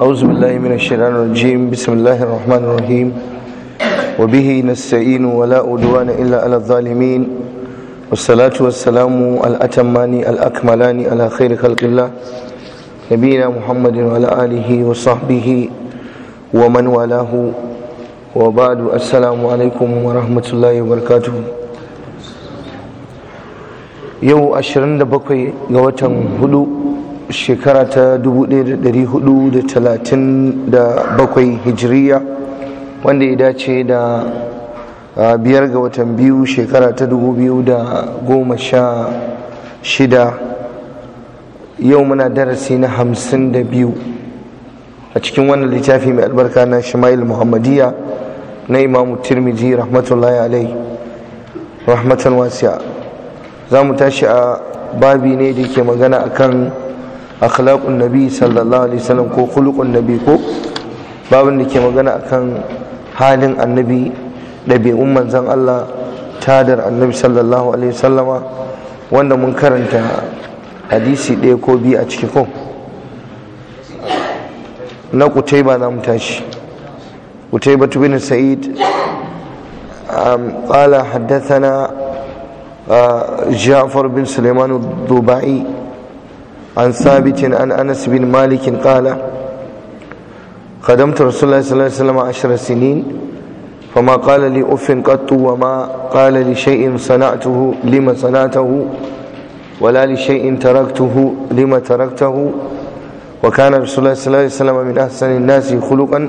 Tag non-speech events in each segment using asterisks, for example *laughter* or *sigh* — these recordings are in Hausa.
أعوذ بالله من الشيطان الرجيم بسم الله الرحمن الرحيم وبه نستعين ولا عدوان إلا على الظالمين والصلاة والسلام الأتمان الأكملان على خير خلق الله نبينا محمد وعلى آله وصحبه ومن والاه وبعد السلام عليكم ورحمة الله وبركاته يو أشرن بكوي غوتم هدوء shekara ta 1437 hijiriya wanda ya dace da biyar ga watan biyu shekara ta 2016 yau muna darasi na 52 a cikin wannan littafi mai albarka na shima'il muhammadiyya na imamu tirmidhi rahmatullahi alai rahmatan wasiya za mu tashi a babi ne da ke magana akan akhlaqun nabi sallallahu alaihi wasallam ko khuluqun nabi ko babin da ke magana akan halin annabi ɗabi'un manzon Allah tadar annabi sallallahu alaihi wasallama wanda mun karanta hadisi ɗaya ko biyu a ciki ko na kutaiba ba mu tashi kutaiba bin sa'id um, qala حدثنا جعفر بن سليمان الضبعي عن ثابت عن أنس بن مالك قال خدمت رسول الله صلى الله عليه وسلم عشر سنين فما قال لي أف قط وما قال لشيء صنعته لما صنعته ولا لشيء تركته لما تركته وكان رسول الله صلى الله عليه وسلم من أحسن الناس خلقا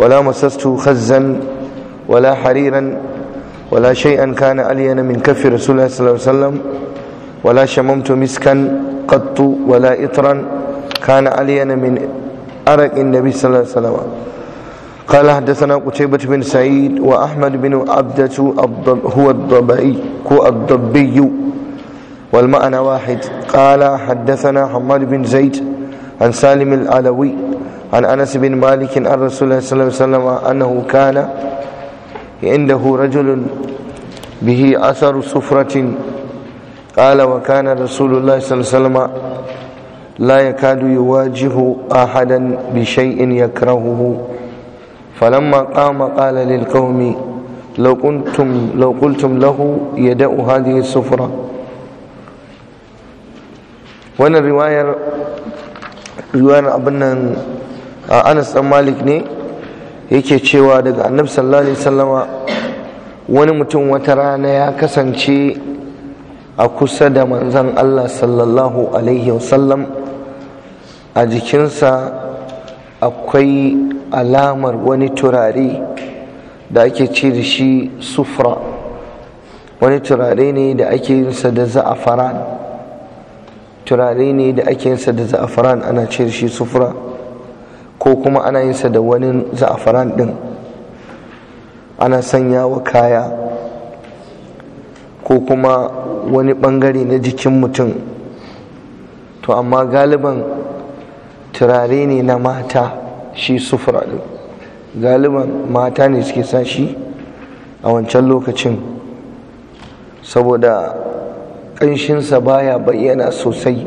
ولا مسسته خزا ولا حريرا ولا شيئا كان ألين من كف رسول الله صلى الله عليه وسلم ولا شممت مسكا قط ولا إطرا كان ألين من أرق النبي صلى الله عليه وسلم قال حدثنا قتيبة بن سعيد وأحمد بن عبدة هو الضبعي هو الضبي والمعنى واحد قال حدثنا حماد بن زيد عن سالم العلوي عن أنس بن مالك عن رسول الله صلى الله عليه وسلم أنه كان عنده رجل به أثر صفرة قال وكان رسول الله صلى الله عليه وسلم لا يكاد يواجه احدا بشيء يكرهه فلما قام قال للقوم لو كنتم لو قلتم له يدع هذه riwayar abin nan anas dan malik ne yake cewa daga annabi sallallahu alaihi wani mutum wata rana ya kasance a kusa da manzan Allah sallallahu alaihi wasallam a jikinsa akwai alamar wani turare da ake ce da shi sufra wani turare ne da ake yinsa da za'afaran turare ne da ake yinsa da za'afaran ana ce da shi sufra ko kuma ana yinsa da wani za'afaran din ana sanya wa kaya ko kuma wani bangare na jikin mutum to amma galiban turare ne na mata shi sufura ɗin galiban mata ne suke sa shi a wancan lokacin saboda ƙanshinsa baya bayyana sosai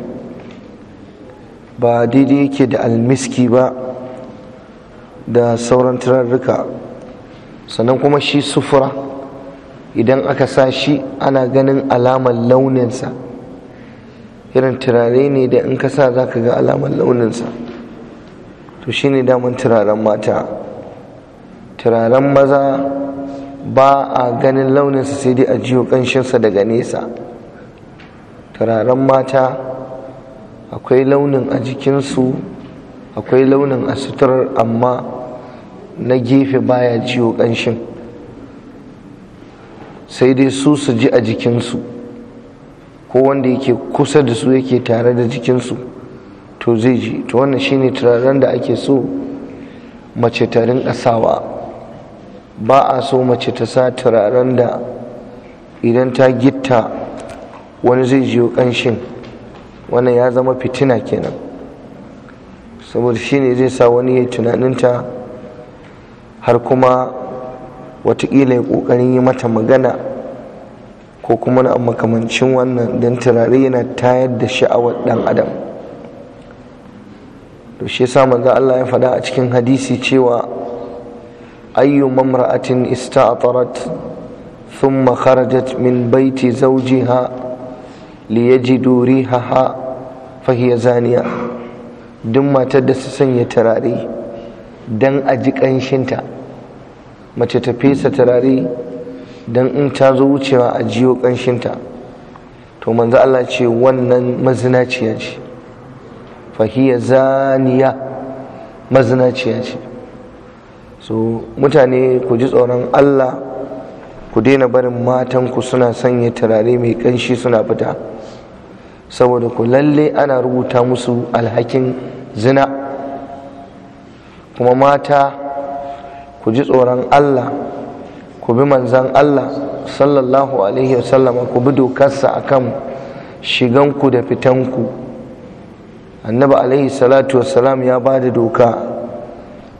ba daidai yake da almiski ba da sauran turarruka sannan kuma shi sufura idan aka sa shi ana ganin alamar launinsa irin turare ne da in ka sa za ka ga alamar launinsa to shi ne daman turaren mata turaren maza ba a ganin launinsa sai dai a jiyo ƙanshinsa daga nesa turaren mata akwai launin a jikinsu akwai launin a suturar amma na gefe baya jiyo ƙanshin sai dai su su ji a jikinsu ko wanda yake kusa da su yake tare da jikinsu to zai ji to wannan shine turaren da ake so mace ta rinka sawa ba a so mace ta sa turaren da idan ta gitta wani zai jiyo ƙanshin wannan ya zama fitina kenan saboda shine zai sa wani ya tunaninta har kuma watakila ya ƙoƙarin yi mata magana ko kuma na makamancin wannan don turare yana tayar da sha'awar ɗan adam to shi yasa manzo Allah ya faɗa a cikin hadisi cewa ayyu mamra'atin ista'tarat sun kharajat min baiti zawjiha liyajidu rihaha fahiya zaniya duk matar da su sanya turare dan a ji ƙanshinta mace ta fesa turare don in ta zo wucewa a jiyo ƙanshinta to manzo Allah ce wannan mazinaciya ce fahiya zaniya mazinaciya ce so mutane ku ji tsoron Allah ku daina barin matanku suna sanya turare mai ƙanshi suna fita saboda ku lalle ana rubuta musu alhakin zina kuma mata ku ji tsoron Allah ku bi manzan Allah sallallahu alaihi wasallam ku bi dokarsa akan shiganku da fitanku annabi alaihi salatu wassalam ya ba da doka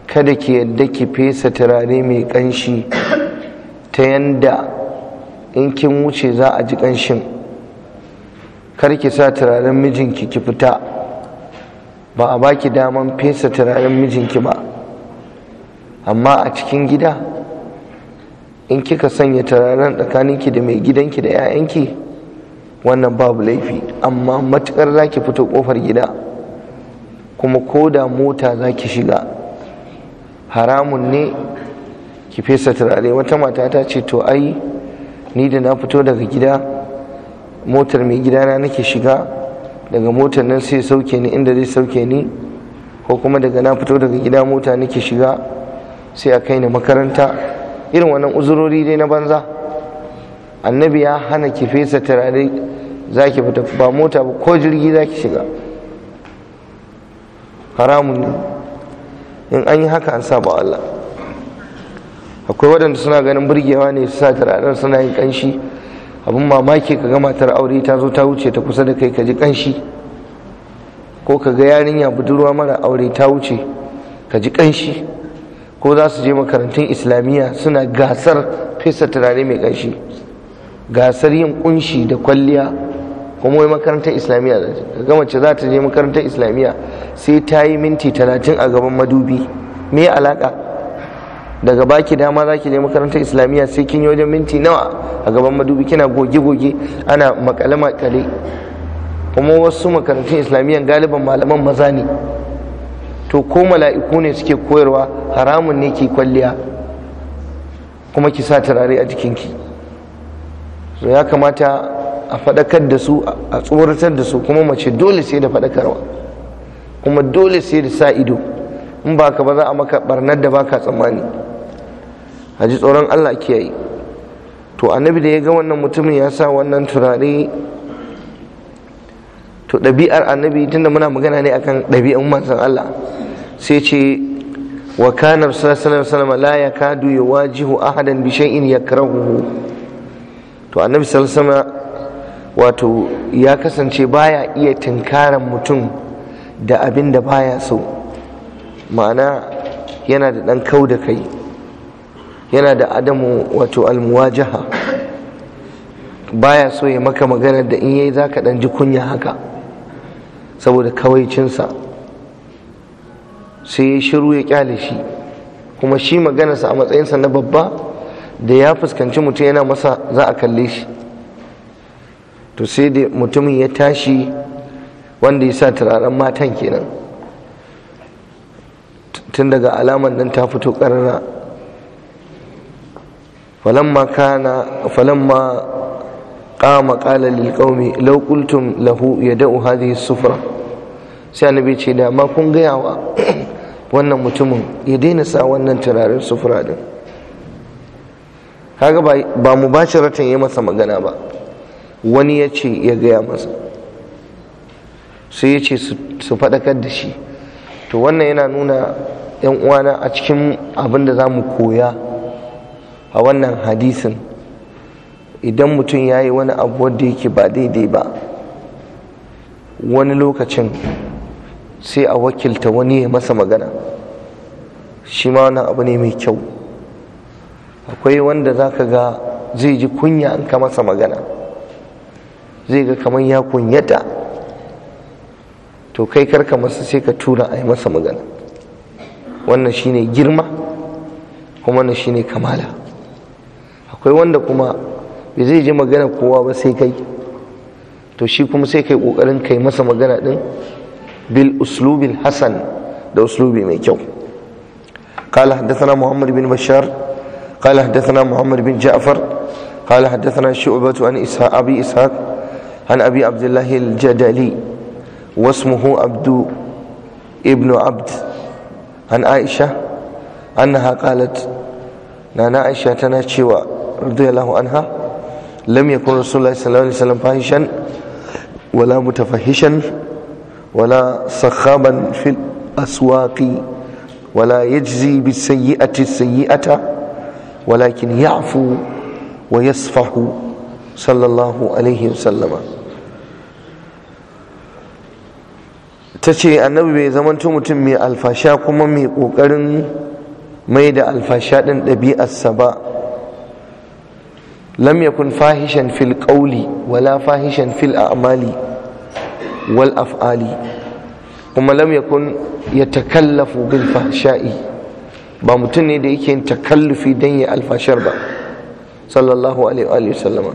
kada ki yadda ki fesa turare mai kanshi ta yanda in kin wuce za a ji kanshin kar ki sa turaren mijinki ki fita ba a baki daman fesa turaren mijinki ba amma a cikin gida in kika sanya turaren tsakaninki da mai gidanki da 'ya'yanki wannan babu laifi amma matukar za ki fito kofar gida kuma ko da mota za ki shiga haramun ne ki fesa turare wata mata ta ce to ai ni da na fito daga gida motar mai gida na nake shiga daga motar nan sai sauke ni inda zai sauke ni ko kuma daga na fito daga gida mota nake shiga sai a kai ni makaranta irin wannan uzurori dai na banza annabi ya hana ki fesa turare za ki fita ba mota ba ko jirgi za ki shiga haramun ne in an yi haka an saba Allah akwai waɗanda suna ganin burgewa ne su sa turaren suna yin ƙanshi abin mamaki ka ga matar aure ta zo ta wuce ta kusa da kai ka ji ƙanshi ko ka ga yarinya budurwa mara aure ta wuce ka ji ƙanshi ko za su je makarantun islamiyya suna gasar fesa turare mai ƙanshi gasar yin kunshi da kwalliya kuma wai makarantar islamiyya da gama ce za ta je makarantar islamiyya sai ta yi minti talatin a gaban madubi me alaka daga baki dama za ki je makarantar islamiyya sai kin yi wajen minti nawa a gaban madubi kina goge-goge ana makale-makale kuma wasu makarantun islamiyya galiban malaman maza ne to ko mala'iku ne suke koyarwa haramun ne ke kwalliya kuma ki sa turare a jikinki so ya kamata a faɗakar da su a tsoratar da su kuma mace dole sai da faɗakarwa kuma dole sai da sa ido in ba ka ba za a maka barnar da baka tsammani a ji tsoron allah kiyaye to annabi da ya ga wannan mutumin ya sa wannan turare to ɗabi'ar annabi tunda muna magana ne akan ɗabi'an manzon Allah sai ce wa kana sallallahu alaihi wasallam la yakadu yuwajihu ahadan bi shay'in yakrahuhu to annabi sallallahu alaihi wato ya kasance baya iya tunkaran mutum da abin da baya so ma'ana yana da ɗan kau da kai yana da adamu wato almuwajaha baya so ya maka maganar da in yayi zaka ɗan ji kunya haka saboda kawaicinsa sai ya shiru ya kyale shi kuma shi maganarsa a matsayinsa na babba da ya fuskanci mutum yana masa za a kalle shi to sai da mutumin ya tashi wanda ya sa turaren matan kenan tun daga alamar nan ta fito ƙarara falamma kana falamma قام قال للقوم لو قلتم له يدع هذه hadhihi sufra sai annabi ce da ma kun gaya wa wannan mutumin ya daina sa wannan turaren sufura din kaga ba mu ba ratan ya masa magana ba wani ya ce ya gaya masa sai ya ce su faɗakar da shi to wannan yana nuna yan uwana a cikin abin da za mu koya a wannan hadisin idan mutum ya yi wani abu wadda yake ba daidai ba wani lokacin sai a wakilta wani ya masa magana shi ma wani abu ne mai kyau akwai wanda za ka ga zai ji kunya an ka masa magana zai ga kamar ya kunyata to kai karka masa sai ka tura a yi masa magana wannan shine girma kuma wannan shine kamala akwai wanda kuma bai zai ji magana kowa ba sai kai to shi kuma sai kai kokarin kai masa magana din bil uslubil hasan da uslubi mai kyau قال حدثنا محمد بن بشار قال حدثنا محمد بن جعفر قال حدثنا شعبة عن إسحاق أبي إسحاق عن أبي عبد الله الجدلي واسمه عبد ابن عبد عن عائشة أنها قالت نانا عائشة تنا رضي الله عنها lam yakun rasulullahi sallallahu alaihi wasallam fahishan wala mutafahishan wala sakhaban fil aswaqi wala yajzi bis sayyi'ati sayyi'ata walakin ya'fu wa yasfahu sallallahu alaihi wasallama tace annabi bai zamanto mutum mai alfasha kuma mai ƙoƙarin mai da alfasha ɗin ɗabi'arsa ba lam fahishan fil qawli wala fahishan fil a'mali wal af'ali kuma lam ya takallafu bil fasha'i ba mutum ne da yake yin takallufi dan ya alfashar ba sallallahu alaihi wa sallama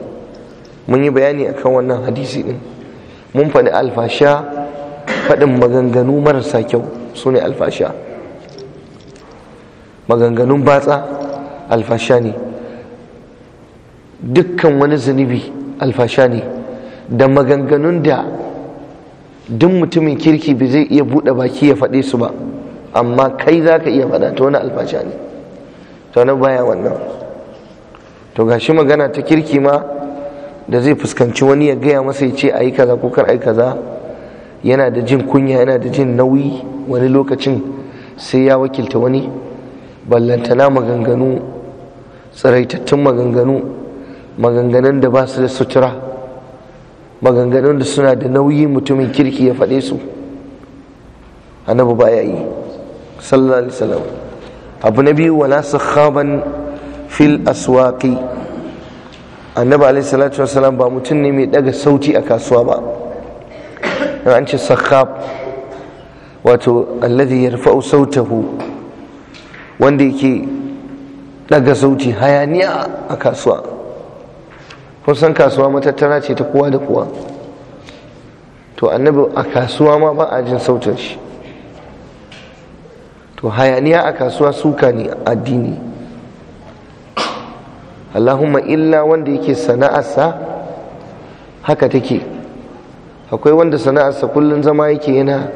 mun yi bayani akan wannan hadisi din mun faɗi alfasha faɗin maganganu marasa kyau su ne alfasha maganganun batsa alfasha ne dukkan wani zunubi alfasha ne da maganganun da duk mutumin kirki bai zai iya buɗe baki ya faɗe su ba amma kai za ka iya faɗa ta wani alfasha ne ta wani baya wannan to gashi magana ta kirki ma da zai fuskanci wani ya gaya masa ya ce a yi kaza ko kar a yi kaza yana da jin kunya yana da jin nauyi wani lokacin sai ya wakilta wani ballantana maganganu tsiraitattun maganganu maganganun da ba su da sutura maganganun da suna da nauyi mutumin kirki ya faɗe su annabi ba ya yi sallallahu alaihi wasallam abu na biyu wala khaban fil aswaqi annabi alaihi salatu wasallam ba mutum ne mai daga sauti a kasuwa ba an ce sakhab wato alladhi yarfa'u sautahu wanda yake daga sauti hayaniya a kasuwa kun san kasuwa matattara ce ta kowa da kowa to annabi a kasuwa ma ba a jin sautin shi to hayaniya a kasuwa suka ne addini allahumma illa wanda yake sana'arsa haka take akwai wanda sana'arsa kullum zama yake yana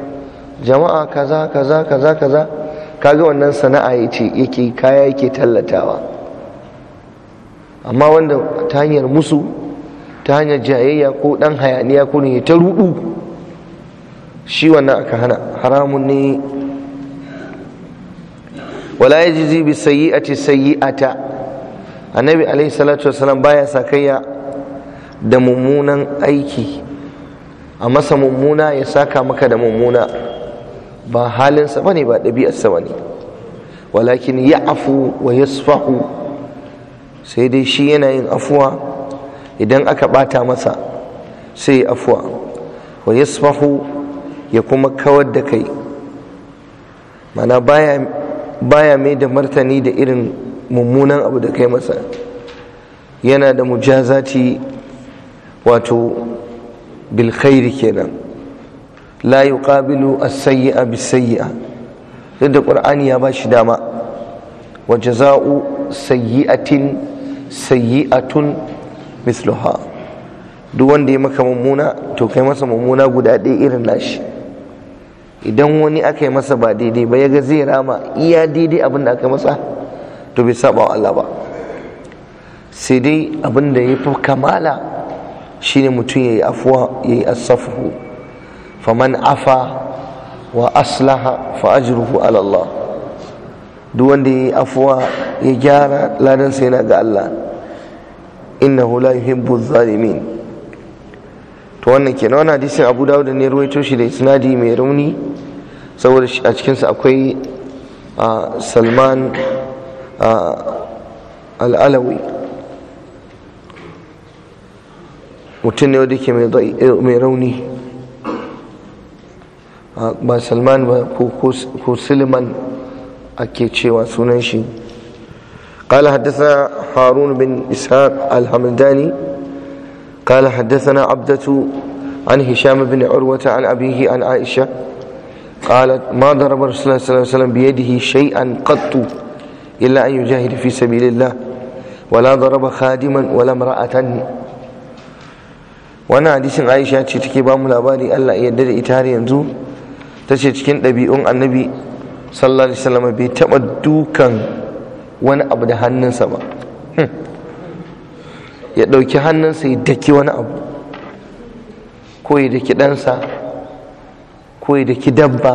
jama'a kaza kaza kaza kaza kaga wannan sana'a yake kaya yake tallatawa amma wanda ta hanyar musu ta hanyar jayayya ko dan hayaniya ko ne ta rudu shi wannan aka hana haramun ne wala yajzi bi sayyi'ati sayyi'ata annabi alaihi salatu wasalam baya sakayya da mummunan aiki a masa mummuna ya saka maka da mummuna ba halinsa bane ba ɗabi'arsa bane walakin ya'fu wa yasfahu sai dai shi yana yin afuwa idan aka bata masa sai yi afuwa wa yasfahu ya kuma kawar da kai mana baya mai da martani da irin mummunan abu da kai masa yana da mujazati wato Bilkairi kenan la yuqabilu as-sayyi'a bis-sayyi'a duk da qur'ani ya bashi dama wa jaza'u sayyi'atin sayyi'atun misluha duk wanda ya maka mummuna to kai masa mummuna guda ɗaya irin nashi idan wani aka yi masa ba daidai ba ya ga zai rama iya daidai abin da aka masa to bai saba wa Allah ba sai dai abin da ya fi kamala shine mutum ya yi afuwa ya yi faman afa wa aslaha fa ajruhu ala Allah duk wanda ya yi afuwa ya gyara sai yana ga Allah innahu la yuhibbu zalimin to wannan kenan wannan hadisin Abu Dawud ne ruwaito shi da isnadi mai rauni saboda a cikinsu akwai Salman al-Alawi mutum ne wanda ke mai rauni ba Salman ba ko Suleiman ake cewa sunan shi قال حدثنا هارون بن إسحاق الحمداني قال حدثنا عبدة عن هشام بن عروة عن أبيه عن عائشة قالت ما ضرب رسول الله صلى الله عليه وسلم بيده شيئا قط إلا أن يجاهد في سبيل الله ولا ضرب خادما ولا امرأة wannan hadisin Aisha ce take ba mu labari Allah ya yarda da ita har yanzu tace cikin ɗabi'un annabi sallallahu alaihi wasallam bai taba dukan wani abu da hannunsa ba hmm. ya ɗauki hannunsa ya daki wani abu ko ya daki ɗansa ko ya daki dabba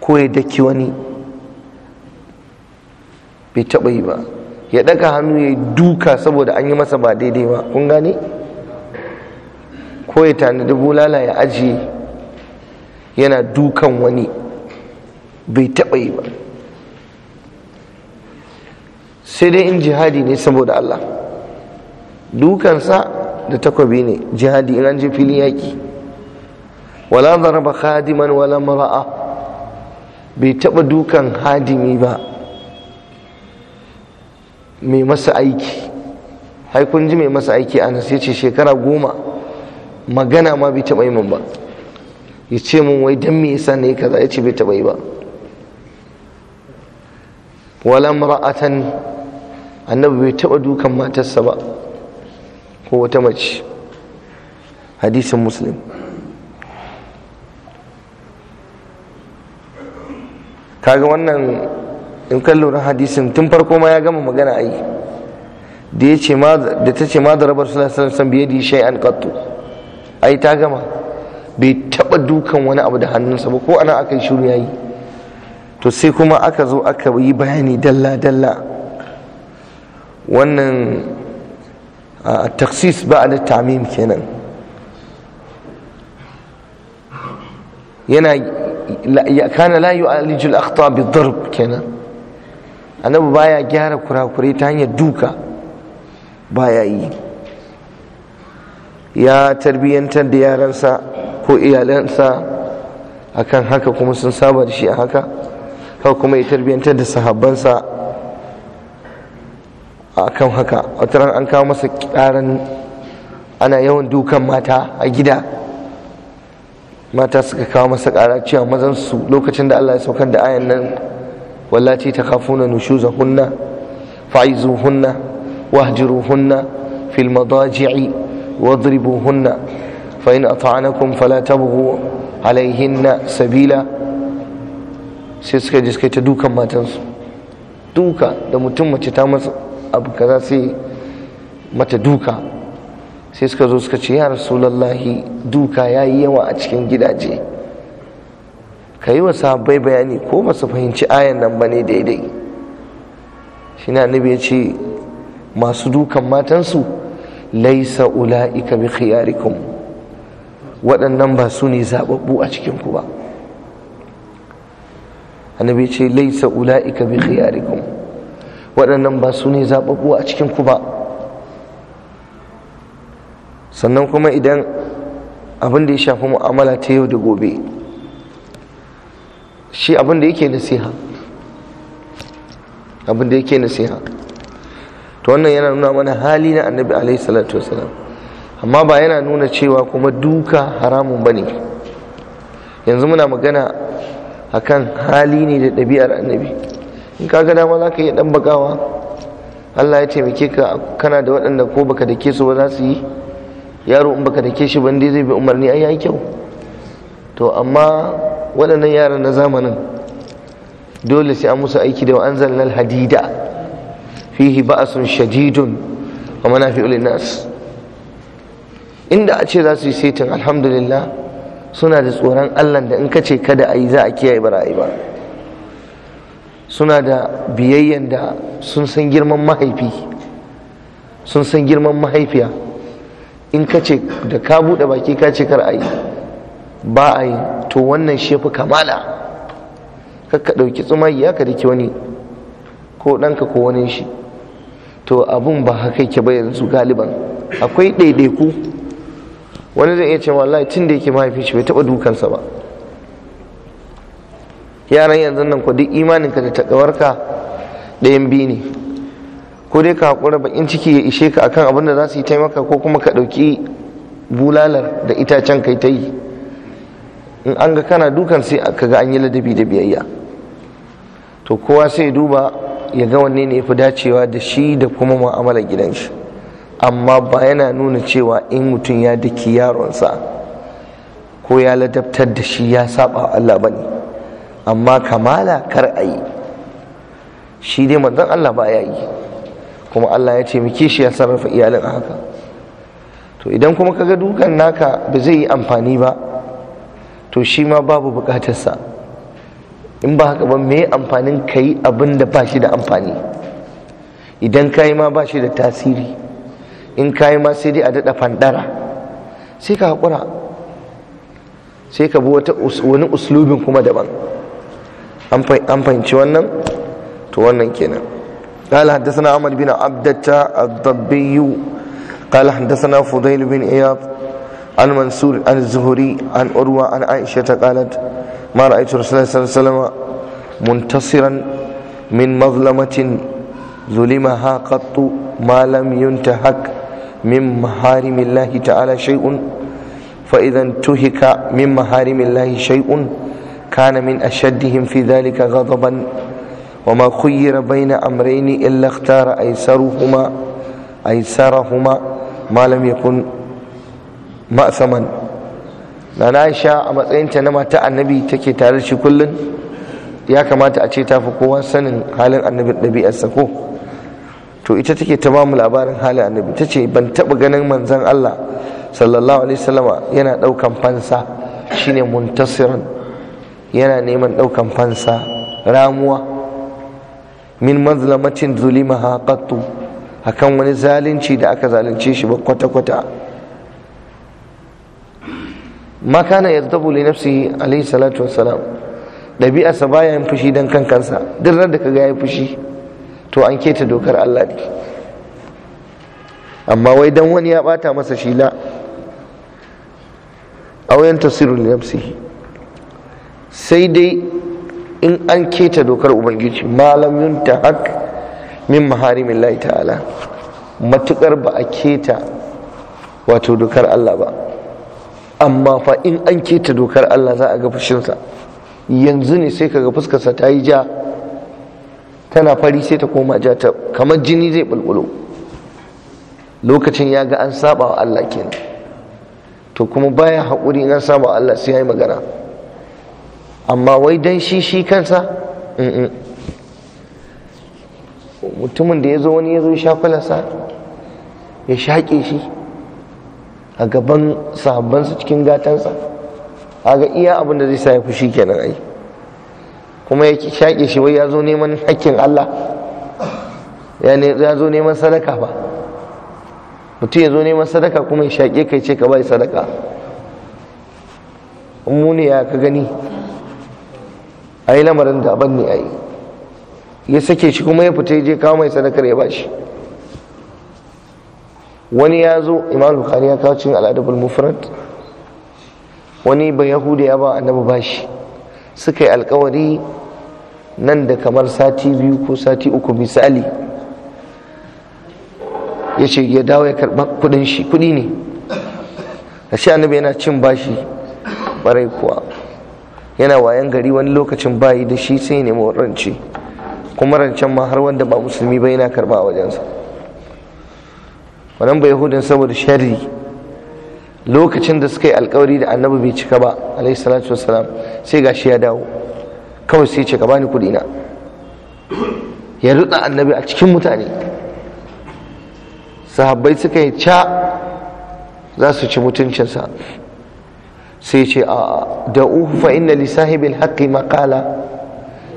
ko ya daki wani bai taɓa yi ba ya daga hannu ya duka saboda an yi masa ba daidai ba kun gane ko ya tanadi bulala ya ajiye yana dukan wani bai taɓa yi ba sai dai in jihadi ne saboda Allah dukansa da takwabi ne jihadi in an ji filin yaƙi wala zaraba khadiman wala mara'a bai taɓa dukan hadimi ba mai masa aiki haikun ji mai masa aiki a ya ce shekara goma magana ma bai taɓa yi min ba ya ce mun wai don me yasa ne kaza ya ce bai taɓa yi ba wala ra'atan annabi bai taɓa dukan matarsa ba ko wata mace hadisin muslim kaga wannan in kan lura hadisin tun farko ma ya gama magana ai da ya ce ma da ta ce ma da rabar sallallahu alaihi wasallam biye da shay'an qattu ai ta gama bai taba dukan wani abu da hannunsa ba ko ana akai shiru yayi to sai kuma aka zo aka yi bayani dalla-dalla wannan taksis ba da tamim kenan yana kana a yu'alijul akhta bi darb kenan ba baya gyara kurakurai ta hanyar duka baya yi ya tarbiyyantar da yaransa ko iyalansa akan haka kuma sun saba da shi a haka kawai kuma ya tarbiyyantar da sahabbansa a kan haka wata ran an kawo masa ƙaran ana yawan dukan mata a gida mata suka kawo masa ƙara cewa mazan su lokacin da Allah ya saukan da ayan nan wallaci ta kafuna hunna fa'izuhunna hunna fil madaji'i hunna fa in ata'anakum fala tabghu alaihinna sabila sai suka je suka ta dukan matansu duka da mutum mace ta masa abu kaza sai mata duka sai suka zo suka ce ya rasulallahi duka ya yi yawa a cikin gidaje ka yi wa sahabbai bayani ko ba fahimci ayan nan ba ne daidai shi na nabi ya ce masu dukan matansu laisa ula'ika bi khiyarikum waɗannan ba su ne zaɓaɓɓu a cikinku ba annabi ce laisa ula'ika bi khiyarikum waɗannan ba su ne zaɓaɓɓu a cikin ku ba sannan kuma idan abin da ya shafi mu'amala ta yau da gobe shi abin da yake nasiha abin da yake nasiha to wannan yana nuna mana hali na annabi alaihi salatu wasalam amma ba yana nuna cewa kuma duka haramun bane yanzu muna magana akan hali ne da ɗabi'ar annabi in ka ga dama za ka iya ɗan bakawa Allah ya taimake ka kana da waɗanda ko baka da ke su ba za su yi yaro in baka da ke shi ban zai bi umarni ai yayi kyau to amma waɗannan yaran na zamanin dole sai an musu aiki da an zalnal hadida fihi ba'asun shadidun wa manafi'ul nas inda a ce za su yi setin alhamdulillah suna da tsoron allah da in ka ce kada a yi za a kiyaye ba ra'ayi ba suna da biyayyen da sun san girman mahaifi sun san girman mahaifiya in ka ce da ka buɗe baki ka ce kar a yi ba a yi to wannan shi fi kamala Ka ɗauki tsumayi ka dake wani ko ɗanka ko wani shi to abun ba haka yake ba yanzu galiban akwai ɗaiɗaiku wani zai iya cewa wallahi tun da yake mahaifi shi bai taɓa dukansa ba yaran yanzu nan ku duk ka da taƙawarka ɗayan biyu ne ko dai ka haƙura bakin ciki ya ishe ka akan abin da za su yi taimaka ko kuma ka ɗauki bulalar da itacen kai ta yi in an ga kana dukan sai ka ga an yi ladabi da biyayya to kowa sai duba ya ga wanne ne ya fi dacewa da shi da kuma mu'amalar gidan shi amma ba yana nuna cewa in mutum ya daki yaronsa ko ya ladabtar da shi ya saba Allah bane amma kamala kar a yi shi dai manzan Allah ba ya yi kuma Allah ya ce muke shi ya sarrafa iyalin a haka to idan kuma ga dukan naka ba zai yi amfani ba to shi ma babu bukatarsa in ba haka ba me amfanin ka yi abin da ba shi da amfani idan ka yi ma ba shi da tasiri in kayi ma sai dai a daɗa fandara sai ka haƙura sai ka bi wani uslubin kuma daban an fahimci wannan to wannan kenan قال حدثنا عمر بن عبدة الضبي قال حدثنا فضيل بن اياب عن منصور عن الزهري عن أروى عن عائشة قالت ما رأيت رسول الله صلى الله عليه وسلم منتصرا من مظلمة ظلمها قط ما لم ينتهك من محارم الله تعالى شيء فإذا انتهك من محارم الله شيء كان من أشدهم في ذلك غضبا وما خير بين أمرين إلا اختار أيسرهما أيسرهما ما لم يكن مأثما لأن نعم، عائشة a matsayinta na mata annabi take tare da shi kullum ya kamata a ce ta fi kowa to ita take ta bamu labarin halin annabi ta ce ban taɓa ganin manzon Allah sallallahu alaihi wasallama yana ɗaukan fansa shine muntasiran yana neman ɗaukan fansa ramuwa min mazlamacin zulimaha qattu akan wani zalunci da aka zalunce shi ba kwata-kwata ma kana yadabu li nafsihi alaihi salatu wassalam dabi'a baya yin fushi dan kankansa. kansa duk ka da kaga yayi fushi to an keta dokar Allah ne amma wai dan wani ya bata masa shila auyan tasirul nafsihi sai dai in an keta dokar ubangiji malam yunta hak min maharimin lahi ta'ala matukar ba a keta wato dokar Allah ba amma fa in an keta dokar Allah za a ga fushinsa yanzu ne sai kaga fuskarsa ta yi ja tana fari sai ta koma ja ta kamar jini zai bulbulo lokacin ya ga an saba wa Allah kenan to kuma baya haƙuri na saba wa Allah sai ya yi magana amma wai dan shi shi kansa mutumin da ya zo wani ya zo sha ya shaƙe shi a gaban sahabbansa cikin gatansa a ga iya abin da zai sa ya fushi kenan ai kuma ya shaƙe shi wai ya zo neman hakkin Allah ya zo neman sadaka ba mutum ya zo neman sadaka kuma ya shaƙe kai ce ka bai sadaka muni ya ka gani a yi lamarin da abin ne a yi ya sake shi kuma ya fita je kawo mai sadakar ya bashi wani ya zo imam bukhari ya kawo cin al'adabul mufrad wani ba yahuda ya ba annabi bashi suka yi alkawari nan da kamar sati biyu ko sati uku misali ya ce ya dawo ya karɓa kudin shi kudi ne a shi annabi yana cin bashi barai kuwa yana wayan gari wani lokacin bayi da shi sai ne rance kuma rancen ma har wanda ba musulmi ba yana karɓa a wajensa wannan bai saboda sharri lokacin da suka yi alkawari da annabi bai cika ba alaihi salatu wassalam sai gashi ya dawo kawai sai cika bani kudi na ya rutsa annabi a cikin mutane sahabbai suka yi ca za su ci mutuncinsa sai ce a da'uhu fa inna li sahibil haqqi maqala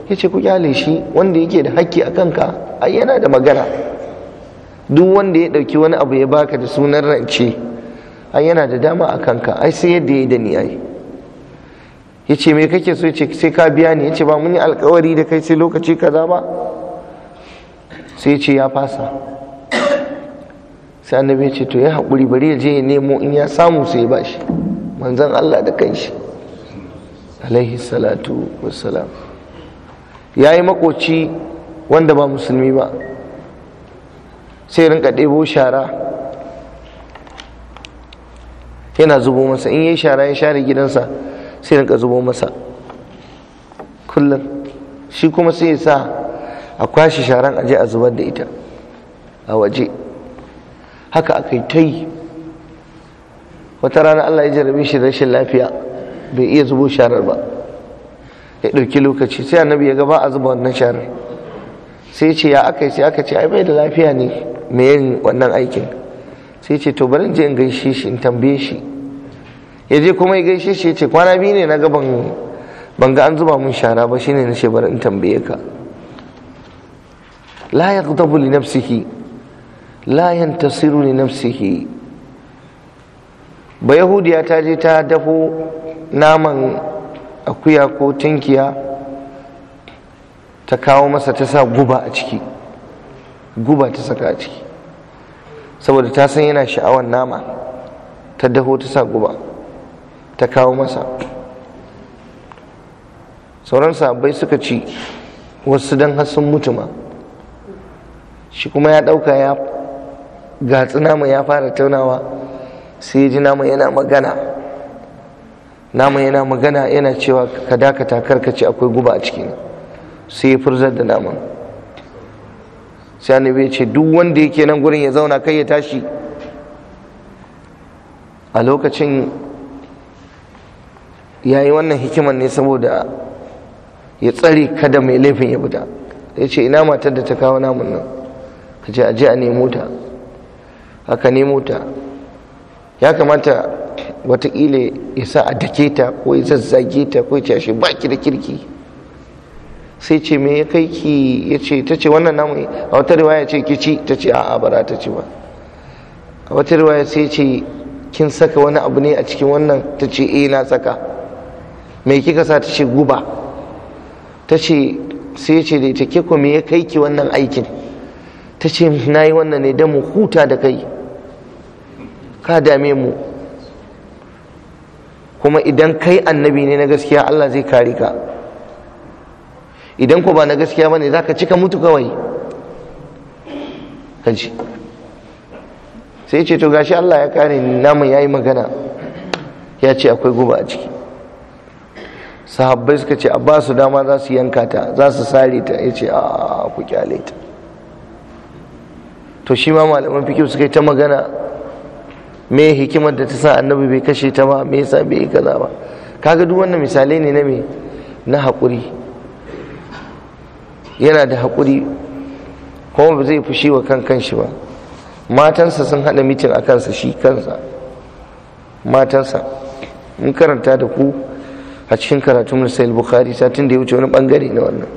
yace ku kyale shi wanda yake da haƙƙi a kanka ai yana da magana duk wanda ya ɗauki wani abu ya baka da sunan rance ai yana da dama a kanka ai sai yadda ya yi da ni ai ya ce me kake so ce sai ka biya ni ya ce ba mun yi alkawari da kai sai lokaci kaza ba sai ce ya fasa sai annabi ya ce to ya haƙuri bari ya je ya nemo in ya samu sai ba shi manzan Allah da shi alaihi salatu wassalam ya yi makoci wanda ba musulmi ba sai rinka ɗebo shara yana zubo masa in yi shara ya share gidansa sai rinka zubo masa kullum shi kuma sai ya sa a kwashe sharan aje a zubar da ita a waje haka aka yi ta yi wata rana Allah ya jarabe shi rashin lafiya bai iya zubo sharar ba ya ɗauki lokaci sai annabi ya gaba a zuba wannan sharar sai ce ya aka yi sai aka ce ai bai da lafiya ne me yin wannan aikin sai ce to bari je in gaishe shi in tambaye shi ya je kuma ya gaishe shi ya ce kwana biyu ne na ga ban ga an zuba mun shara ba shine na shebar in tambaye ka la yaghdabu li nafsihi la yantasiru li nafsihi ba yahudiya ta je ta dafo naman akuya ko tinkiya ta kawo masa ta sa guba a ciki guba ta saka a ciki saboda ta san yana sha'awar nama ta daho ta sa guba ta kawo masa sauran sabbai suka ci wasu don hasin mutuma shi kuma ya dauka ya gatsi nama ya fara taunawa sai ji nama yana magana yana magana yana cewa ka dakata karkace akwai guba a cikin sai ya furzar da naman sai annabi ce duk wanda yake nan gurin ya zauna kai ya tashi a lokacin ya yi wannan hikiman ne saboda ya tsare kada mai laifin ya fita ya ce ina matar da ta kawo namun nan ka ce aje a nemo ta aka nemo ta ya kamata watakila ya sa a dake ta ko ya zazzage ta ko ya ce ashe baki da kirki sai ce me ya kai ki ya ce ta ce wannan namu a wata riwaya ce ki ci ta ce a'a bara ta ci ba a wata riwaya sai ce kin saka wani abu ne a cikin wannan ta ce eh na saka me kika sa ta ce guba ta ce sai ce da ita ke kuma ya kai ki wannan aikin ta ce na yi wannan ne don mu huta da kai ka dame mu kuma idan kai annabi ne na gaskiya Allah zai kare ka idan ku ba na gaskiya ba ne za ka cika mutu kawai kanci sai ce to gashi Allah ya kare ni namun ya yi magana ya ce akwai guba a ciki sahabbai suka ce a basu dama za su yanka ta za su sare ta ya ce a ku kyale ta to shi ma malaman fikir suka yi ta magana me hikimar da ta sa annabi bai kashe ta ba me yasa bai kaza ba kaga duk wannan misalai ne na me na haƙuri yana da haƙuri kuma ba zai fushi wa kan kanshi ba matansa sun haɗa mitin a kansa shi kansa matansa mun karanta da ku a cikin karatun sahih bukhari satin da ya wuce wani bangare na wannan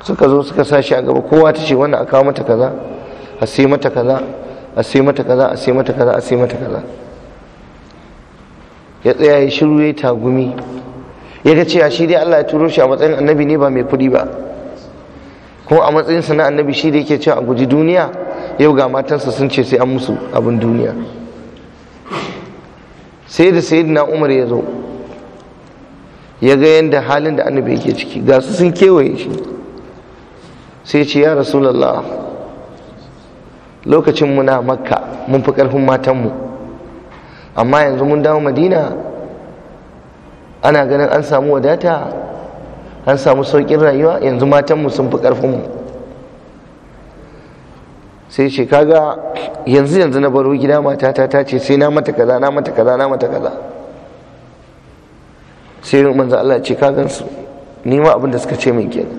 suka zo suka sashi a gaba kowa ta ce wannan a kawo mata kaza a sai mata kaza a sai mata kaza a sai mata kaza a sai mata kaza ya tsaya ya shiru ya yi tagumi ya ga cewa shi dai Allah ya turo shi a matsayin annabi ne ba mai kuɗi ba ko a matsayin sa na annabi shi da yake cewa a guji duniya yau ga matansa sun ce sai an musu abin duniya sai da na Umar ya zo ya ga yadda halin da annabi yake ciki ga su sun kewaye shi sai ce ya rasulallah lokacin muna makka mun fi ƙarfin matanmu amma yanzu mun dawo madina ana ganin an samu wadata an samu sauƙin rayuwa yanzu matanmu sun fi ƙarfinmu sai ce kaga yanzu yanzu na baro gida matata ta ce sai na mata kaza na mata kaza na mata kaza sai manzan Allah ce ka su. ni ma abin da suka ce min kenan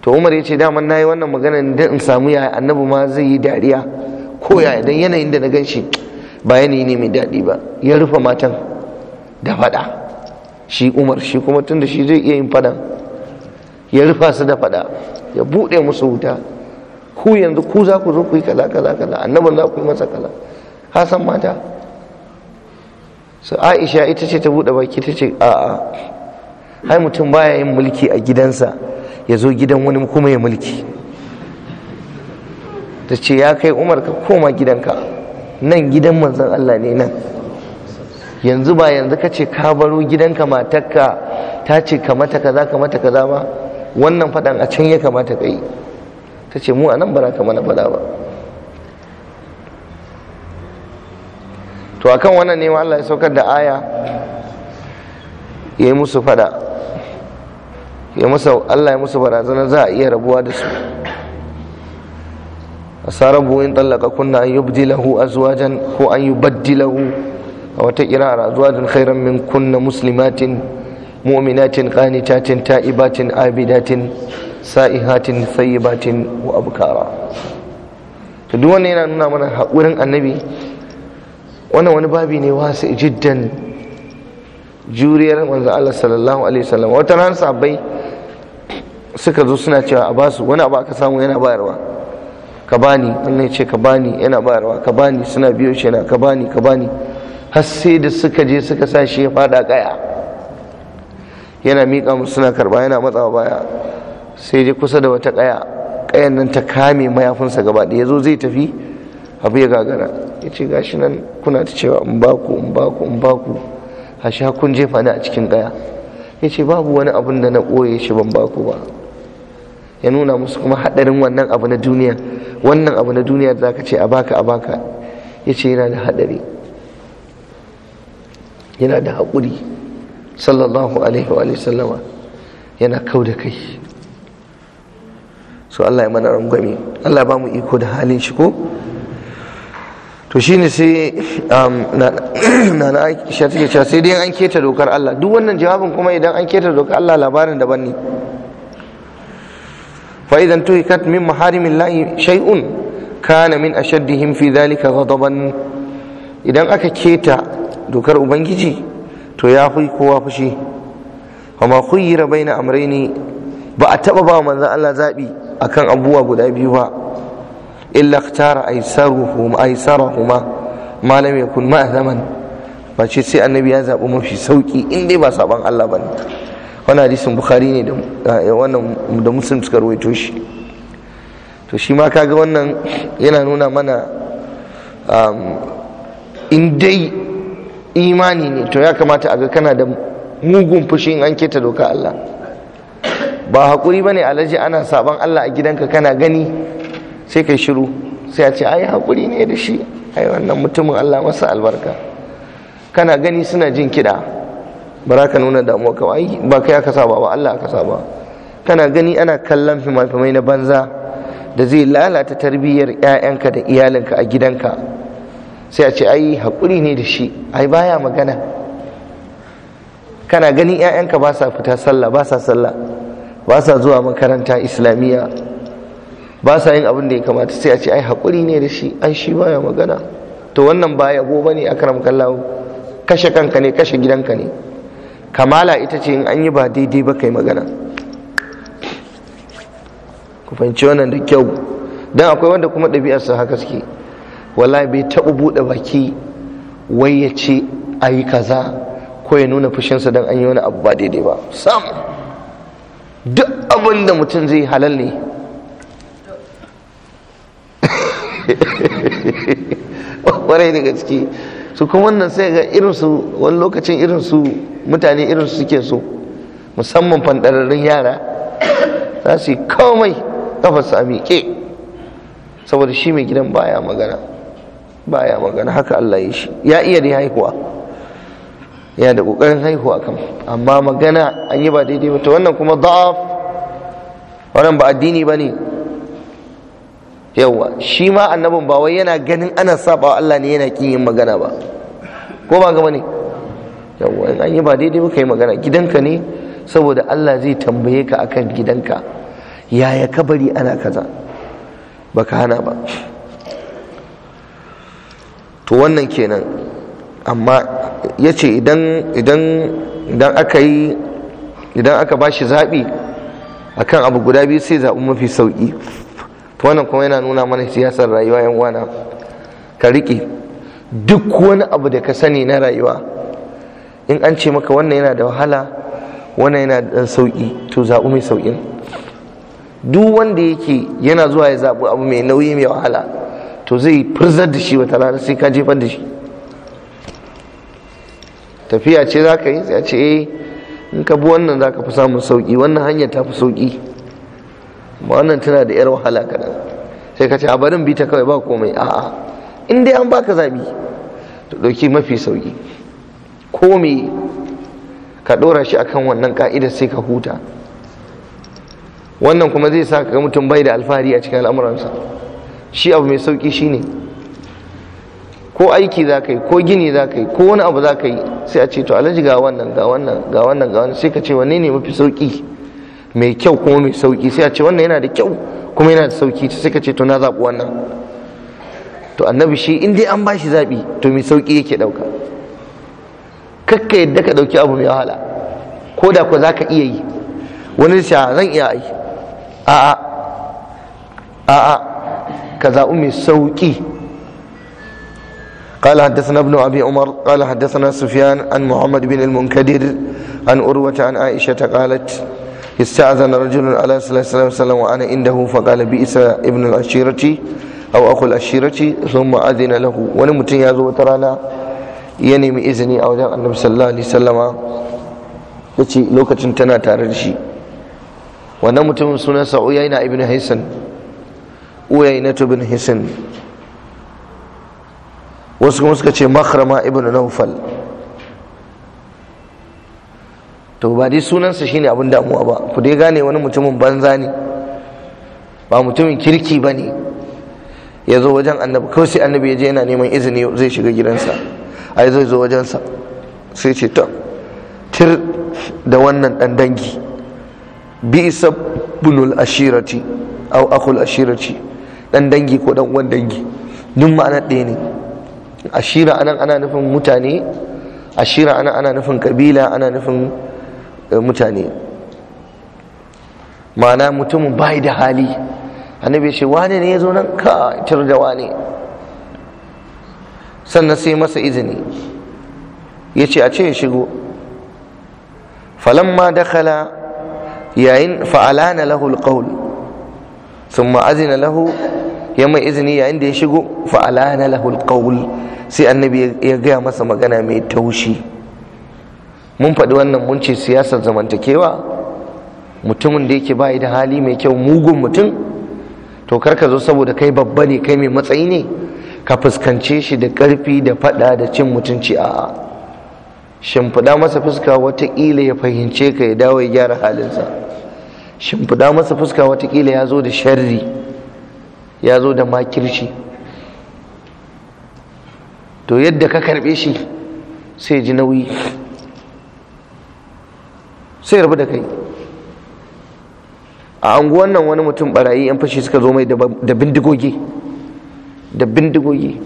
to Umar ya ce daman yi wannan magana ne in samu yaya annabu ma zai yi dariya ko yaya don yanayin da na gan shi ba yanayi ne mai daɗi ba ya rufe matan da faɗa shi Umar shi kuma tun da shi zai iya yin faɗan ya rufa su da faɗa ya buɗe musu wuta ku yanzu ku za ku zo ku yi kala kala kala annabin za ku yi masa kala. hasan mata su aisha ita ce ta buɗe baki ta ce a'a hai mutum baya yin mulki a gidansa ya zo gidan wani kuma ya mulki ta ce ya kai umar ka koma gidanka nan gidan manzan Allah ne nan yanzu ba yanzu ka ce ka baro gidanka matakka ta ce ka mata kaza ka mata kaza ba wannan fadan a can ya kamata ka yi ta ce mu a nan ba ka mana fada ba to a kan wannan ne Allah ya saukar da aya ya yi musu fada ya Allah ya musu barazana za a iya rabuwa da su A asarabu in tallaka kunna an yi yubdilahu azwajan ko an yi baddilahu a wata kira'ar azwajan khairan min kunna muslimatin mu'minatin qanitatin ta'ibatin abidatin sa'ihatin thayyibatin wa abkara to duk wannan yana nuna mana haƙurin annabi wannan wani babi ne wasu jiddan juriyar wanzu Allah sallallahu alaihi wasallam wata ran sabai suka zo suna cewa a basu wani abu aka samu yana bayarwa ka bani wannan ce ka bani yana bayarwa ka bani suna biyo shi yana ka bani ka bani har sai da suka je suka sa shi ya fada kaya yana miƙa musu suna karba yana matsawa baya sai je kusa da wata kaya kayan nan ta kame mayafinsa gaba ɗaya ya zo zai tafi abu ya gagara ya ce gashi nan kuna ta cewa in baku in baku in baku sha kun jefa ni a cikin gaya ya ce babu wani abun da na ɓoye shi ban baku ba ya nuna musu kuma haɗarin wannan abu na duniya wannan abu na duniya da ka ce a baka a baka ya ce yana da haɗari yana da haƙuri sallallahu alaihi wa sallama yana kau da kai so Allah ya mana rangwame Allah ba mu iko da halin shi ko to shine sai um, na *coughs* aisha take cewa sai dai an keta dokar Allah duk wannan jawabin kuma idan an keta dokar Allah labarin daban ne fa idan tuhikat min maharimillahi shay'un kana min ashaddihim fi zalika ghadaban idan aka keta dokar ubangiji to ya fi kowa fushi amma khuyyira baina amrayni ba a taba ba manzon Allah zabi akan abubuwa guda biyu ba illa ikhtara aisaruhuma aisarahuma ma lam yakun ma'zaman ba ce sai annabi ya zaɓi mafi sauki in dai ba saban Allah bane wannan hadisin bukhari ne da wannan da muslim suka rawaito shi to shi ma kaga wannan yana nuna mana in dai imani ne to ya kamata a ga kana da mugun in an keta doka Allah ba haƙuri bane ne alaji ana saban Allah a gidanka kana gani sai kai shiru sai a ce ai hakuri ne da shi ai wannan mutumin Allah masa albarka kana gani suna jin kiɗa ba za ka nuna damuwa ka ai ba kai aka saba ba Allah aka saba kana gani ana kallon fimafimai na banza da zai lalata tarbiyyar 'ya'yanka da iyalinka a gidanka sai a ce ai hakuri ne da shi ai baya magana kana gani 'ya'yanka ba sa fita sallah ba sa sallah ba sa zuwa makaranta islamiyya ba sa yin abin da ya kamata sai a ce ai haƙuri ne da shi ai shi baya magana to wannan ba yabo ba ne a kallawo kashe kanka ne kashe gidanka ne kamala ita ce in an yi ba daidai ba kai magana ku fahimci wannan da kyau don akwai wanda kuma ɗabi'arsa haka suke wallahi bai taɓa buɗe baki wai ya ce a yi kaza ko ya nuna fushinsa don an yi wani abu ba daidai ba sam duk abin da mutum zai halal ne *laughs* kwarai da gaske su kuma wannan sai ga irinsu wani lokacin irinsu mutane irinsu suke so musamman fandararrun yara za su yi komai kafarsu a miƙe saboda shi mai gidan baya magana baya magana haka Allah ya shi ya iya da haihuwa ya da ƙoƙarin haihuwa kan amma magana an yi ba daidai ba ta wannan kuma da'af wannan ba addini ba ne yawa shi ma annabin ba wai yana ganin ana saba Allah ne yana kin yin magana ba ko ba gaba ne yawa in an yi ba daidai muka yi magana gidanka ne saboda Allah zai tambaye ka akan gidanka yaya kabari ana kaza baka hana ba to wannan kenan amma ya ce idan aka yi idan aka ba shi zaɓi akan abu guda biyu sai zaɓi mafi sauƙi wannan kuma yana nuna mana siyasar rayuwa yan uwana ka riƙe duk wani abu da ka sani na rayuwa in an ce maka wannan yana da wahala wannan yana da sauƙi to zaɓi mai sauƙin duk wanda yake yana zuwa ya zaɓi abu mai nauyi mai wahala to zai furzar da shi wata rana sai ka jefar da shi tafiya ce za ka yi sai a ce eh, in ka bi wannan za ka fi samun sauƙi wannan hanyar ta fi sauƙi wannan tana da yar wahala kaɗan sai ka ce a barin bi ta kawai ba komai a'a in dai an baka zabi to ɗauki mafi sauki ko ka ɗora shi akan wannan ka'idar sai ka huta wannan kuma zai sa ka ga mutum bai da alfahari a cikin al'amuransa shi abu mai sauki shine ko aiki za ka yi ko gini za ka yi ko wani abu za ka yi sai a ce to alaji ga wannan ga wannan ga wannan ga wannan sai ka ce wanne ne mafi sauki mai kyau kuma mai sauki sai a ce wannan yana da kyau kuma yana da sauki sai ka ce to na zaɓi wannan to annabi shi in dai an ba shi zaɓi to mai sauki yake ɗauka kakka yadda ka ɗauki abu mai wahala ko da ku za ka iya yi wani sai zan iya yi a'a a'a ka zaɓi mai sauki قال حدثنا ابن ابي عمر قال حدثنا سفيان عن محمد بن المنكدر عن أروة عن عائشه قالت استعذن رجل على صلى الله عليه وسلم وأنا عنده فقال بئس ابن العشيرة أو أخو العشيرة ثم أذن له ونمتن يازو وترانا ينمي إذني أو ذا النبي صلى الله عليه وسلم يتي lokacin tana tare da shi wannan mutumin sunansa uyayna ibn hisan uyayna ibn hisan wasu kuma suka ce to ba dai sunansa shine abin damuwa ba ku dai gane wani mutumin banza ne ba mutumin kirki ba ne ya zo wajen annabi kawai sai annabi ya je yana neman izini zai shiga gidansa ai zai zo wajensa sai ce to tir da wannan dan dangi bi isa bunul ashirati au akhul ashirati dan dangi ko dan uwan dangi duk ma'ana ɗaya ne ashira anan ana nufin mutane ashira anan ana nufin kabila ana nufin Eh, mutane ma'ana mutumin bai da hali annabi ya ce wane ne ya zo nan ka tur da wane sannan sai masa izini ya ce a ce ya shigo falamma dakhala yayin fa'alana lahu alqawl Sun ma'azina lahu ya mai izini yayin da ya shigo fa'alana lahul alqawl sai annabi ya gaya masa magana mai taushi mun faɗi wannan mun ce siyasar zamantakewa mutumin da yake bayi da hali mai kyau mugun mutum to kar ka zo saboda kai babba ne kai mai matsayi ne ka fuskance shi da ƙarfi da faɗa da cin mutunci a shimfiɗa masa fuska wataƙila ya fahimce ka ya dawo ya gyara halinsa shimfiɗa masa fuska watakila ya zo da sharri ya zo da makirci to yadda ka karɓe shi sai ji nauyi sai rabu da kai a anguwan wani mutum barayi yan fashi suka zo mai da bindigogi da bindigogi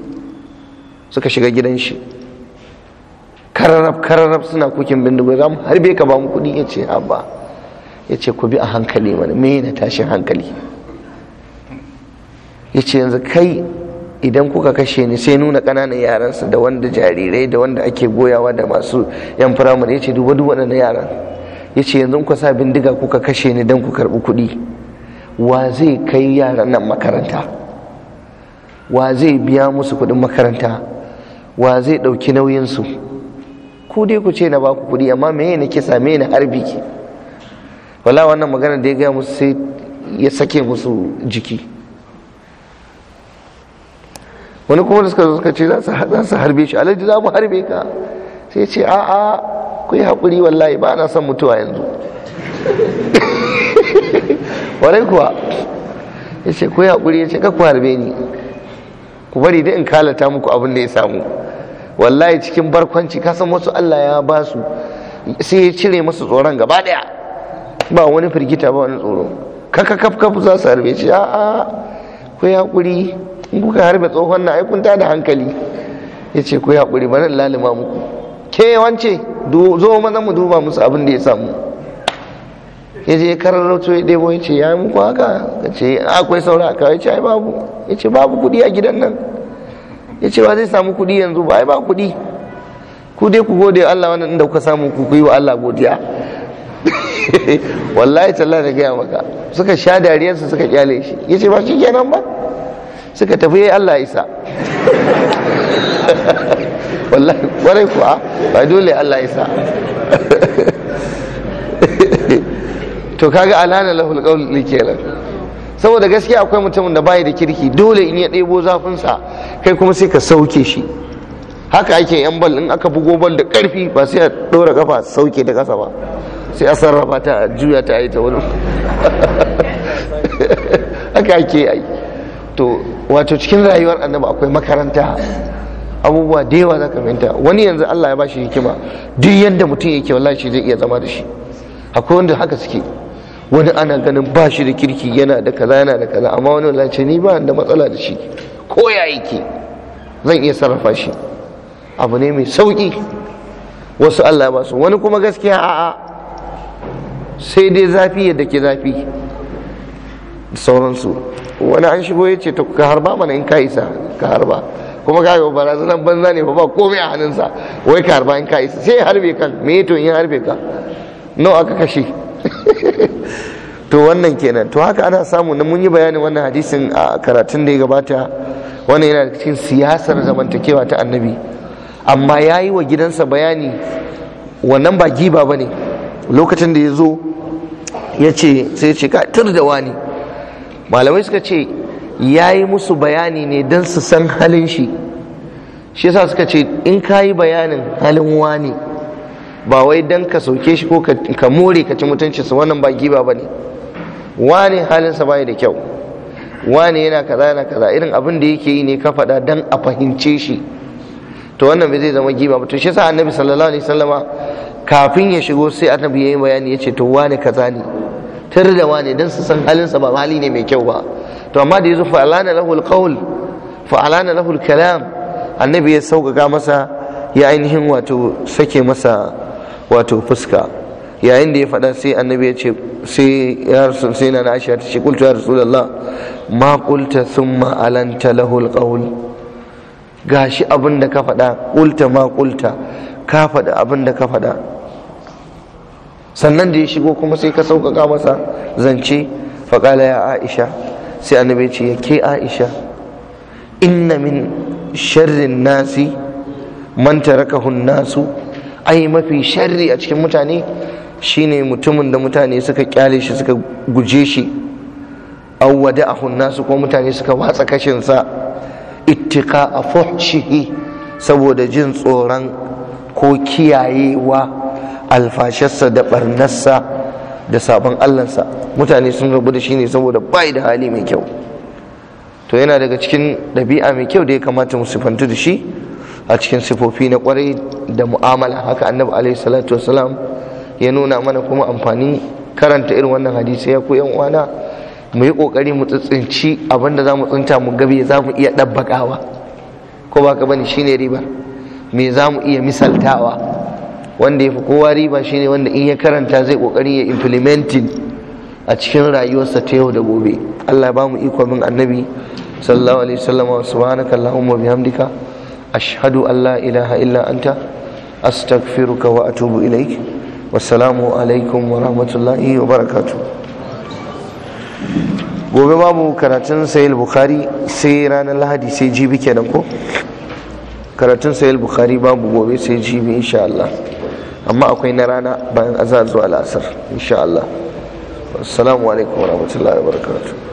suka shiga gidan shi kararraf suna kukin bindigogi za mu harbe ka ba mu kuɗi ya ce Abba. ya ce ku bi a hankali mana me na tashin hankali ya ce yanzu kai idan kuka kashe ni sai nuna ƙananan yaransa da wanda jarirai da wanda ake goyawa da masu yan firamare ya ce duba duk na yaran ya ce yanzu kuka sa bindiga kuka kashe ni don ku karɓi kuɗi wa zai kai yaran nan makaranta wa zai biya musu kuɗin makaranta wa zai ɗauki nauyinsu ku dai ku ce na ba ku kuɗi amma me ne kisa me ne harbi ki wala wannan magana da ya gaya musu sai ya sake musu jiki wani kuma da suka zo suka ce za su harbe shi alaji za mu harbe ka sai ce a'a ku yi haƙuri wallahi ba na son mutuwa yanzu warai kuwa ya ce ku yi haƙuri ya ce ku harbe ni ku bari da in kalata muku abin da ya samu wallahi cikin barkwanci kasan wasu Allah ya ba su sai ya cire masu tsoron gaba daya ba wani firgita ba wani tsoro kaka kaf kaf za su harbe shi a'a ku haƙuri in kuka harbe tsohon na ai kun da hankali Ya ce ku hakuri bari lalima muku ke wance zo maza mu duba musu abin da ya samu ya je kararrauto ya ɗebo ya ce ya yi muku haka ya ce akwai saura ka ya ce ai babu ya ce babu kuɗi a gidan nan ya ce ba zai samu kuɗi yanzu ba ai ba kuɗi ku dai ku gode Allah wannan inda kuka samu ku yi wa Allah godiya *laughs* wallahi talla da gaya maka suka sha dariyarsu suka kyale shi ya ce ba shi kenan ba suka tafi ya Allah isa *laughs* kwarai kuwa ba dole Allah ya to kaga alana lahul qawl kenan saboda gaskiya akwai mutumin da bayi da kirki dole in ya ɗebo zafinsa kai kuma sai ka sauke shi haka ake yan bal in aka bugo bal da ƙarfi ba sai a ɗora kafa sauke da ƙasa ba sai a sarrafa ta juya ta yi ta wani *laughs* haka ake yi to wato cikin rayuwar annabi akwai makaranta abubuwa da yawa za ka fahimta wani yanzu Allah ya bashi hikima duk yadda mutum yake wallahi shi zai iya zama da shi akwai wanda haka suke wani ana ganin ba shi da kirki yana da kaza yana da kaza amma wani wallahi ni ba da matsala da shi ko ya yake zan iya sarrafa shi abu ne mai sauki wasu Allah ya basu wani kuma gaskiya a'a sai dai zafi yadda ke zafi sauransu wani an shigo ya ce ta ka harba mana in ka isa ka harba kuma ka ga barazanar banza ne ba komai a hannunsa wai ka harba in ka yi. sai harbe ka me yin harbe ka nawa aka kashe *laughs* to wannan kenan to haka ana samu na mun yi bayanin wannan hadisin a karatun da ya gabata wannan yana cikin siyasar zamantakewa ta annabi amma ya yi wa gidansa bayani wannan ba giba ba ne lokacin da ya zo ya ce sai ce ka tur da wani malamai suka ce ya yi musu bayani ne don su san halin shi shi yasa suka ce in ka yi bayanin halin wani ba wai don ka sauke shi ko ka more ka ci su, wannan ba giba ba ne wani halinsa bai da kyau wani yana kaza yana kaza irin abin da yake yi ne ka faɗa don a fahimce shi to wannan bai zai zama giba ba to shi yasa annabi sallallahu alaihi wasallama kafin ya shigo sai annabi ya yi bayani ya ce to wani kaza ne tare da wani don su san halinsa ba hali ne mai kyau ba to amma da yazo fa alana lahu alqawl fa alana lahu alkalam annabi ya sauƙaƙa masa ya ainihin wato sake masa wato fuska yayin da ya faɗa sai annabi ya ce sai ya rasu sai na Aisha ta ce qultu ya rasulullah ma qulta thumma alanta lahu alqawl gashi abin da ka faɗa qulta ma qulta ka faɗa abin da ka faɗa sannan da ya shigo kuma sai ka sauƙaƙa masa zance faƙala ya aisha sai annabi ce ya ke aisha inna min sharrin nasi man raka nasu ai mafi sharri a cikin mutane shine mutumin da mutane suka kyale shi suka guje shi aw a nasu ko mutane suka watsa kashin sa ittiqa fuhshihi saboda jin tsoron ko kiyayewa alfasharsa da ɓarnarsa. da sabon allansa mutane sun rabu da shi ne saboda bai da hali mai kyau to yana daga cikin ɗabi'a mai kyau da ya kamata mu sifantu da shi a cikin sifofi na kwarai da mu'amala haka annabi alaihi salatu wasalam ya nuna mana kuma amfani karanta irin wannan hadisai ya koyan uwana mu yi kokari mu tsintsinci abinda za mu tsinta mu gabe za mu iya ɗabbakawa ko ba ka shi shine riba me za mu iya misaltawa wanda ya fi kowa riba shine wanda in ya karanta zai kokari ya implementing a cikin rayuwarsa ta yau da gobe Allah ba mu iko min annabi sallallahu alaihi wasallam wa subhanaka allahumma bihamdika ashhadu an la ilaha illa anta astaghfiruka wa atubu ilaik wassalamu alaikum wa rahmatullahi wa barakatuh gobe babu karatun sayil bukhari sai ranar lahadi sai jibi kenan ko karatun sayil bukhari babu gobe sai jibi insha Allah amma akwai na rana bayan azan zuwa la'asar insha Allah assalamu alaikum warahmatullahi wabarakatuh